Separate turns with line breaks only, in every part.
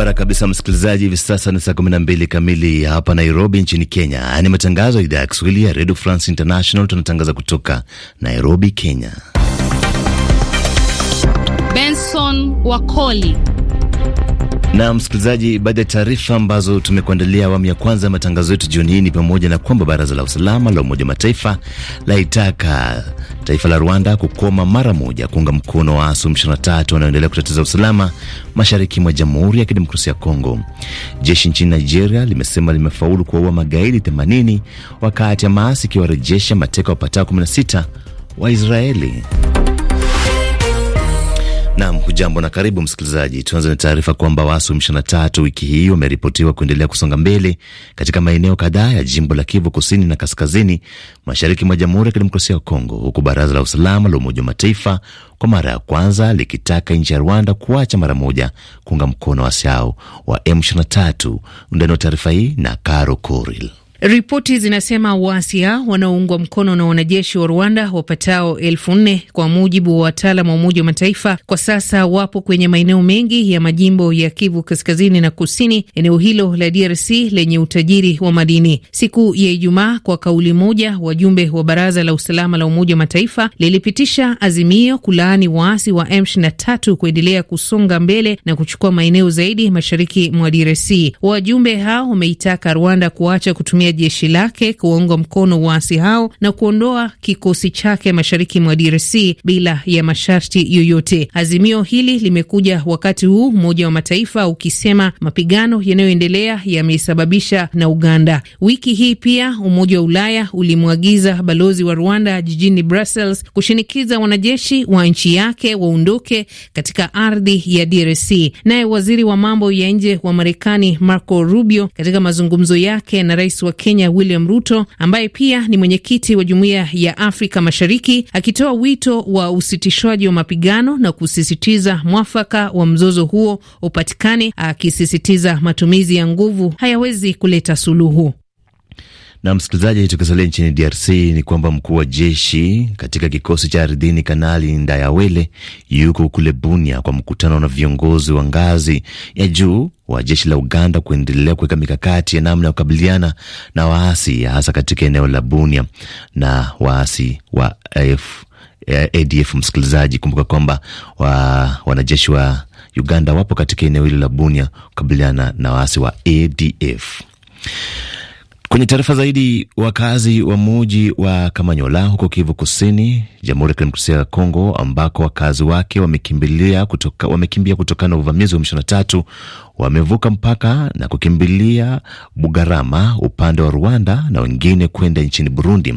Barabara kabisa, msikilizaji. Hivi sasa ni saa 12 kamili hapa Nairobi nchini Kenya. Ni matangazo ya idhaa ya Kiswahili ya Radio France International, tunatangaza kutoka Nairobi, Kenya.
Benson Wakoli
na msikilizaji, baadhi ya taarifa ambazo tumekuandalia awamu ya kwanza ya matangazo yetu jioni hii ni pamoja na kwamba baraza la usalama la Umoja Mataifa laitaka taifa la Rwanda kukoma mara moja kuunga mkono waasi wa M23 wanaoendelea kutatiza usalama mashariki mwa Jamhuri ya Kidemokrasia ya Kongo. Jeshi nchini Nigeria limesema limefaulu kuwaua magaidi 80 wakati ya maasi ikiwarejesha mateka wapatao 16 wa Israeli. Nam, hujambo na karibu msikilizaji. Tuanze na taarifa kwamba waasi wa m tatu wiki hii wameripotiwa kuendelea kusonga mbele katika maeneo kadhaa ya jimbo la Kivu kusini na kaskazini mashariki mwa Jamhuri ya Kidemokrasia ya Kongo, huku Baraza la Usalama la Umoja wa Mataifa kwa mara ya kwanza likitaka nchi ya Rwanda kuacha mara moja kuunga mkono waasi hao wa M23. Undani wa taarifa hii na Caro Coril.
Ripoti zinasema waasi hao wanaoungwa mkono na wanajeshi wa Rwanda wapatao elfu nne kwa mujibu wa wataalam wa Umoja wa Mataifa kwa sasa wapo kwenye maeneo mengi ya majimbo ya Kivu kaskazini na kusini, eneo hilo la DRC lenye utajiri wa madini. Siku ya Ijumaa, kwa kauli moja, wajumbe wa Baraza la Usalama la Umoja wa Mataifa lilipitisha azimio kulaani waasi wa M23 kuendelea kusonga mbele na kuchukua maeneo zaidi mashariki mwa DRC. Wajumbe hao wameitaka Rwanda kuacha kutumia ya jeshi lake kuwaunga mkono waasi hao na kuondoa kikosi chake mashariki mwa DRC bila ya masharti yoyote. Azimio hili limekuja wakati huu Umoja wa Mataifa ukisema mapigano yanayoendelea yamesababisha na Uganda. Wiki hii pia Umoja wa Ulaya ulimwagiza balozi wa Rwanda jijini Brussels kushinikiza wanajeshi wa nchi yake waondoke katika ardhi ya DRC. Naye waziri wa mambo ya nje wa Marekani Marco Rubio katika mazungumzo yake na rais wa Kenya William Ruto ambaye pia ni mwenyekiti wa Jumuiya ya Afrika Mashariki akitoa wito wa usitishwaji wa mapigano na kusisitiza mwafaka wa mzozo huo upatikane, akisisitiza matumizi ya nguvu hayawezi kuleta suluhu.
Na msikilizaji, tukisalia nchini DRC ni kwamba mkuu wa jeshi katika kikosi cha ardhini Kanali Ndayawele yuko kule Bunia kwa mkutano na viongozi wa ngazi ya juu wa jeshi la Uganda kuendelea kuweka mikakati ya namna ya kukabiliana na waasi hasa katika eneo la Bunia na waasi wa F, ADF. Msikilizaji, kumbuka kwamba wa, wanajeshi wa Uganda wapo katika eneo hilo la Bunia kukabiliana na waasi wa ADF. Kwenye taarifa zaidi, wakazi wa muji wa Kamanyola huko Kivu Kusini, Jamhuri ya Kidemokrasia ya Kongo, ambako wakazi wake wamekimbia kutoka, wamekimbia kutokana na uvamizi wa M23 wamevuka mpaka na kukimbilia Bugarama upande wa Rwanda na wengine kwenda nchini Burundi.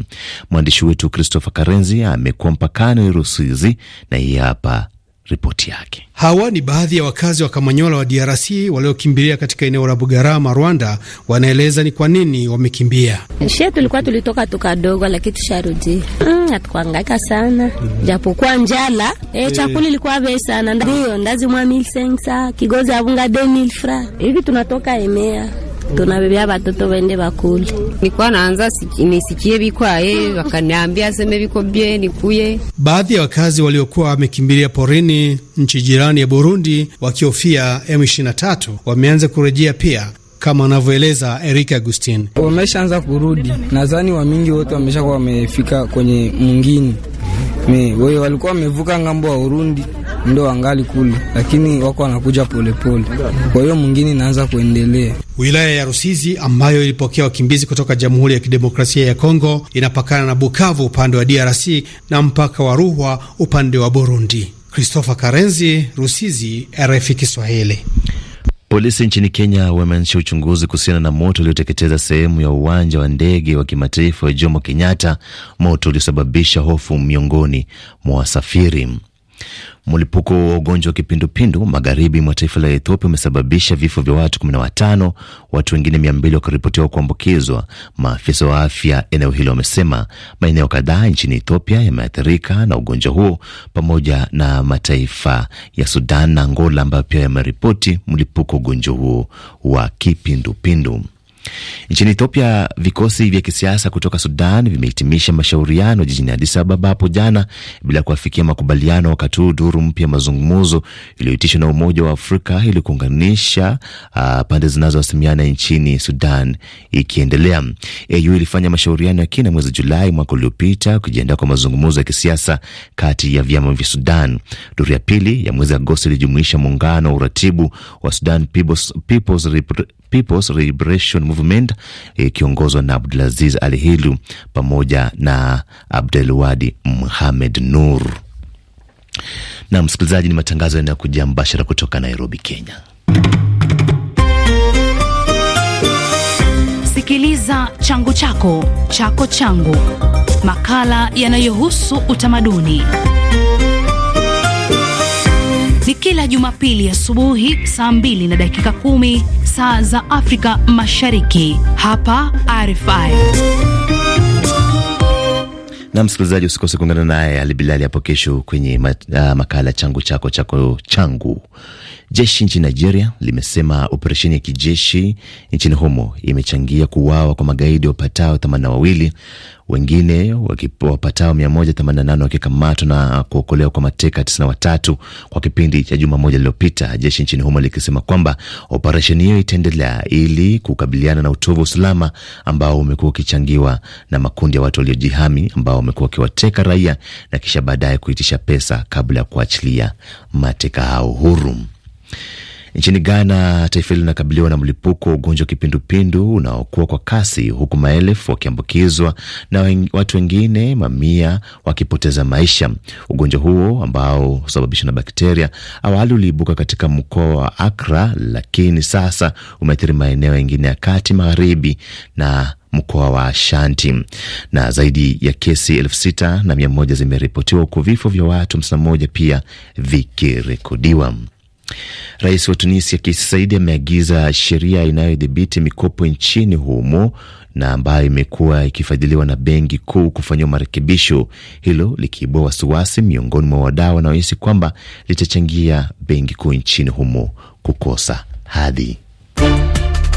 Mwandishi wetu Christopher Karenzi amekuwa mpakani Rusizi na hii hapa ripoti yake. Hawa ni baadhi ya wakazi wa Kamanyola wa DRC waliokimbilia katika eneo la Bugarama, Rwanda. Wanaeleza ni kwa nini wamekimbia.
Shie tulikuwa tulitoka tukadogo, lakini tusharudi tusharudia. Mm, hatukuangaika sana mm -hmm. japokuwa njala e, chakula ilikuwa vei sana, ndio ndazi mwa milsensa kigozi avunga de milfra hivi tunatoka emea tunabebea batoto bende bakule nikuwa naanza nisikie bikwaye wakaniambia seme biko bye nikuye.
Baadhi ya wakazi waliokuwa wamekimbilia porini nchi jirani ya Burundi wakihofia M23 wameanza kurejea pia kama anavyoeleza Eric Agustin,
wameshaanza kurudi. Nadhani wamingi wote wameshakuwa wamefika kwenye mwingine me wao walikuwa wamevuka ngambo wa Urundi ndo wangali kule, lakini wako wanakuja polepole. Kwa hiyo mwingine inaanza kuendelea.
Wilaya ya Rusizi ambayo ilipokea wakimbizi kutoka Jamhuri ya Kidemokrasia ya Kongo inapakana na Bukavu upande wa DRC na mpaka wa Ruhwa upande wa Burundi. Christopher Karenzi, Rusizi, RFI Kiswahili. Polisi nchini Kenya wameanzisha uchunguzi kuhusiana na moto ulioteketeza sehemu ya uwanja wa ndege wa kimataifa wa Jomo Kenyatta, moto uliosababisha hofu miongoni mwa wasafiri. Mlipuko wa ugonjwa wa kipindupindu magharibi mwa taifa la Ethiopia umesababisha vifo vya watu 15, watu wengine 200 wakiripotiwa kuambukizwa, maafisa wa afya eneo hilo wamesema. Maeneo kadhaa nchini Ethiopia yameathirika na ugonjwa huo pamoja na mataifa ya Sudan na Angola ambayo pia yameripoti mlipuko ugonjwa huo wa kipindupindu. Nchini Ethiopia, vikosi vya kisiasa kutoka Sudan vimehitimisha mashauriano jijini Addis Ababa hapo jana bila kuafikia makubaliano, wakati huu duru mpya mazungumzo iliyoitishwa na Umoja wa Afrika ili kuunganisha uh, ah, pande zinazohasimiana nchini Sudan ikiendelea. AU ilifanya mashauriano ya kina mwezi Julai mwaka uliopita kujiandaa kwa mazungumzo ya kisiasa kati ya vyama vya Sudan. Duru ya pili ya mwezi Agosti ilijumuisha muungano wa uratibu wa Sudan People's, People's People's Liberation Movement eh, ikiongozwa na Abdulaziz Al Hilu pamoja na Abdelwadi Muhamed Nur. Na msikilizaji, ni matangazo yanayokuja mbashara kutoka Nairobi, Kenya.
Sikiliza changu chako chako changu, makala yanayohusu utamaduni ni kila Jumapili asubuhi saa 2 na dakika kumi saa za Afrika Mashariki. Hapa RFI
na msikilizaji, usikose kuungana naye Ali Bilali hapo kesho kwenye uh, makala changu chako chako changu. Jeshi nchini Nigeria limesema operesheni ya kijeshi nchini humo imechangia kuuawa kwa magaidi wapatao themanini na wawili wengine wapatao 188 wakikamatwa na kuokolewa kwa mateka 93 kwa kipindi cha juma moja lililopita, jeshi nchini humo likisema kwamba operesheni hiyo itaendelea ili kukabiliana na utovu wa usalama ambao umekuwa ukichangiwa na makundi ya watu waliojihami ambao wamekuwa wakiwateka raia na kisha baadaye kuitisha pesa kabla ya kuachilia mateka hao huru. Nchini Ghana, taifa hilo linakabiliwa na mlipuko wa ugonjwa wa kipindupindu unaokuwa kwa kasi, huku maelfu wakiambukizwa na watu wengine mamia wakipoteza maisha. Ugonjwa huo ambao husababishwa na bakteria awali uliibuka katika mkoa wa Akra, lakini sasa umeathiri maeneo yengine ya kati, magharibi na mkoa wa shanti na zaidi ya kesi elfu sita na mia moja zimeripotiwa huku vifo vya watu hamsini na moja pia vikirekodiwa. Rais wa Tunisia Kais Saied ameagiza sheria inayodhibiti mikopo nchini humo na ambayo imekuwa ikifadhiliwa na benki kuu kufanyiwa marekebisho, hilo likiibua wasiwasi miongoni mwa wadau wanaohisi kwamba litachangia benki kuu nchini humo kukosa hadhi.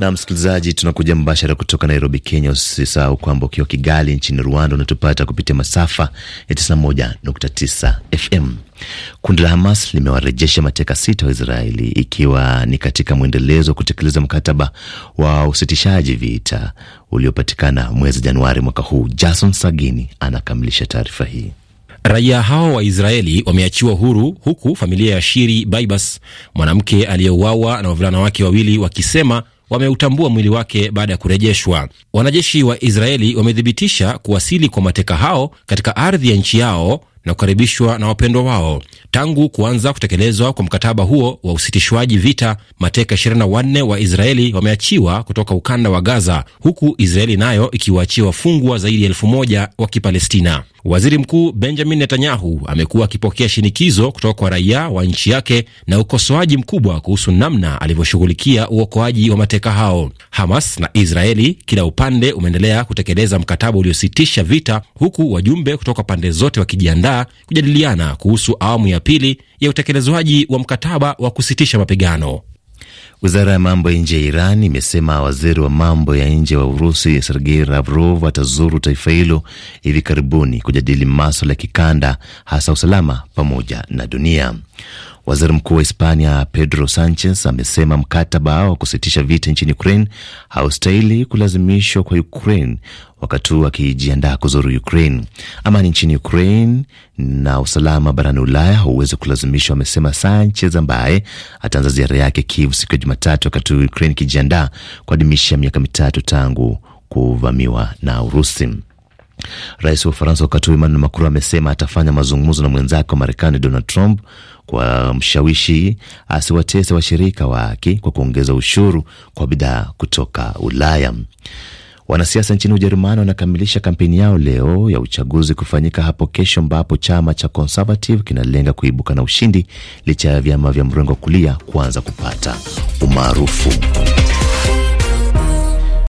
Na msikilizaji, tunakuja mbashara kutoka Nairobi, Kenya. Usisahau kwamba ukiwa Kigali nchini Rwanda unatupata kupitia masafa ya 91.9 FM. Kundi la Hamas limewarejesha mateka sita wa Israeli ikiwa ni katika mwendelezo wa kutekeleza mkataba wa usitishaji vita uliopatikana mwezi Januari mwaka huu. Jason Sagini anakamilisha taarifa hii. Raia hao wa Israeli wameachiwa huru huku familia ya Shiri Baibas, mwanamke aliyeuawa na wavulana wake wawili, wakisema wameutambua mwili wake baada ya kurejeshwa. Wanajeshi wa Israeli wamethibitisha kuwasili kwa mateka hao katika ardhi ya nchi yao na kukaribishwa na wapendwa wao. Tangu kuanza kutekelezwa kwa mkataba huo wa usitishwaji vita, mateka 24 wa Israeli wameachiwa kutoka ukanda wa Gaza, huku Israeli nayo ikiwaachia wafungwa zaidi ya elfu moja wa Kipalestina. Waziri Mkuu Benjamin Netanyahu amekuwa akipokea shinikizo kutoka kwa raia wa nchi yake na ukosoaji mkubwa kuhusu namna alivyoshughulikia uokoaji wa mateka hao. Hamas na Israeli kila upande umeendelea kutekeleza mkataba uliositisha vita, huku wajumbe kutoka pande zote wakijiandaa kadhaa kujadiliana kuhusu awamu ya pili ya utekelezwaji wa mkataba wa kusitisha mapigano. Wizara ya mambo ya nje ya Iran imesema waziri wa mambo ya nje wa Urusi Sergei Lavrov atazuru taifa hilo hivi karibuni kujadili maswala ya kikanda, hasa usalama pamoja na dunia. Waziri mkuu wa Hispania Pedro Sanchez amesema mkataba wa kusitisha vita nchini Ukraine haustahili kulazimishwa kwa Ukraine wakati huu akijiandaa kuzuru Ukraine. Amani nchini Ukraine na usalama barani Ulaya huwezi kulazimishwa, amesema Sanchez ambaye ataanza ziara yake Kiev siku ya Jumatatu, wakati huu Ukraine ikijiandaa kuadhimisha miaka mitatu tangu kuvamiwa na Urusi. Rais wa Ufaransa wakati huu Emmanuel Macron amesema atafanya mazungumzo na mwenzake wa Marekani Donald Trump kwa mshawishi asiwatese washirika wake kwa kuongeza ushuru kwa bidhaa kutoka Ulaya. Wanasiasa nchini Ujerumani wanakamilisha kampeni yao leo ya uchaguzi kufanyika hapo kesho, ambapo chama cha Conservative kinalenga kuibuka na ushindi licha ya vyama vya mrengo wa kulia kuanza kupata umaarufu.